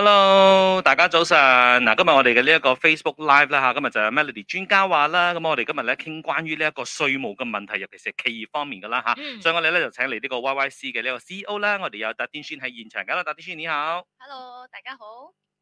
Hello，大家早晨。嗱，今日我哋嘅呢一個 Facebook Live 啦吓，今日就係 Melody 專家話啦。咁我哋今日咧傾關於呢一個稅務嘅問題，尤其是企業方面噶啦吓。嗯、所以我哋咧就請嚟呢個 YYC 嘅呢個 CEO 啦。我哋有拿汀葉欣喺現場噶啦，拿汀葉欣你好。Hello，大家好。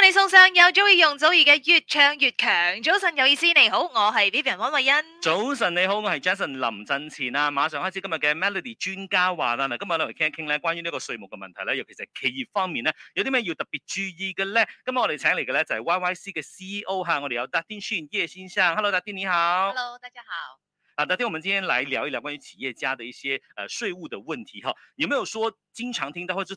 為你送上有中意容祖兒嘅越唱越強。早晨，有意思你好，我係 Vivian 温慧欣。早晨你好，我係 Jason 林振前啊。馬上開始今日嘅 Melody 專家話啦。嗱，今日我哋傾一傾咧，關於呢個稅務嘅問題咧，尤其是企業方面咧，有啲咩要特別注意嘅咧？今日我哋請嚟嘅咧就係 Y Y C 嘅 C E O 哈，我哋有 Datin Shun 葉先生。Hello，Datin 你好。Hello，大家好。啊，Datin，我們今天來聊一聊關於企業家的一些誒稅務的問題哈。有冇有說經常聽到或者？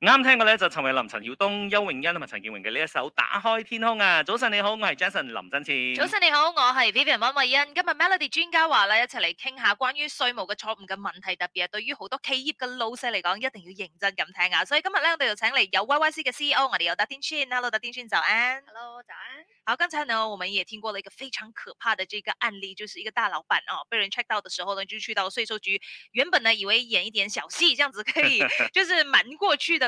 啱聽過咧就陳慧琳、陳曉東、邱永欣同埋陳建榮嘅呢一首《打開天空》啊！早晨你好，我係 Jason 林振前。早晨你好，我係 Vivian 汪慧欣。今日 Melody 專家話咧，一齊嚟傾下關於稅務嘅錯誤嘅問題，特別係對於好多企業嘅老細嚟講，一定要認真咁聽啊！所以今日咧，o, 我哋就請嚟有 Y Y C 嘅 CEO 我哋有拿汀葉欣。Hello 拿汀葉欣，早安。Hello，早安。好，剛才呢，我們也聽過了一個非常可怕嘅這個案例，就是一個大老闆哦，被人 check 到的時候呢，就去到稅收局，原本呢以為演一點小戲，這樣子可以，就是瞞過去嘅。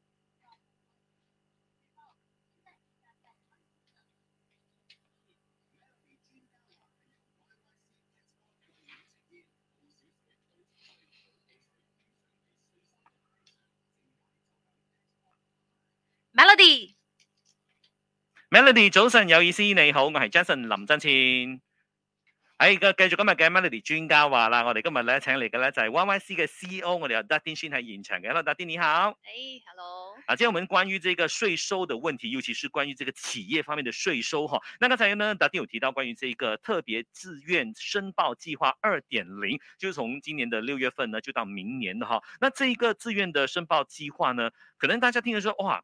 Melody，Melody，早晨有意思，ody Johnson，你好，我係 Jason 林振清。哎，繼續今日嘅 Melody 專家話啦，我哋今日咧請嚟嘅咧就係 YYC 嘅 CEO，我哋阿 Datin 先喺現場嘅，hello t d Datin 你好，hello 啊，即係我們關於這個稅收的問題，尤其是關於這個企業方面的稅收哈、哦。那剛才呢，Datin 有提到關於這個特別自願申報計劃二點零，就是從今年的六月份呢，就到明年啦哈、哦。那這一個自願的申報計劃呢，可能大家聽咗說哇。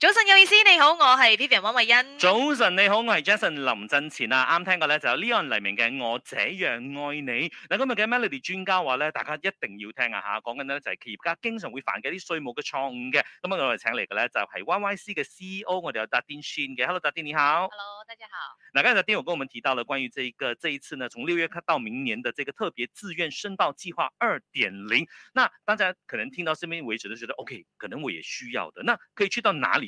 早晨有意思，你好，我係 Vivian 汪慧欣。早晨你好，我係 Jason 林振前啊，啱聽過咧就是、Leon 黎明嘅我這樣愛你。嗱今日嘅 Melody 專家話咧，大家一定要聽啊吓，講緊咧就係、是、企業家經常會犯嘅啲稅務嘅錯誤嘅。咁啊我哋請嚟嘅咧就係、是、Y Y C 嘅 C E O 我哋有 Datin Shin 嘅。Hello Datin 你好。Hello 大家好。嗱剛才 Datin 我跟我們提到了關於這一個這一次呢，從六月到明年的這個特別自願申報計劃二點零。那大家可能聽到身邊為止都覺得 OK，可能我也需要的，那可以去到哪裡？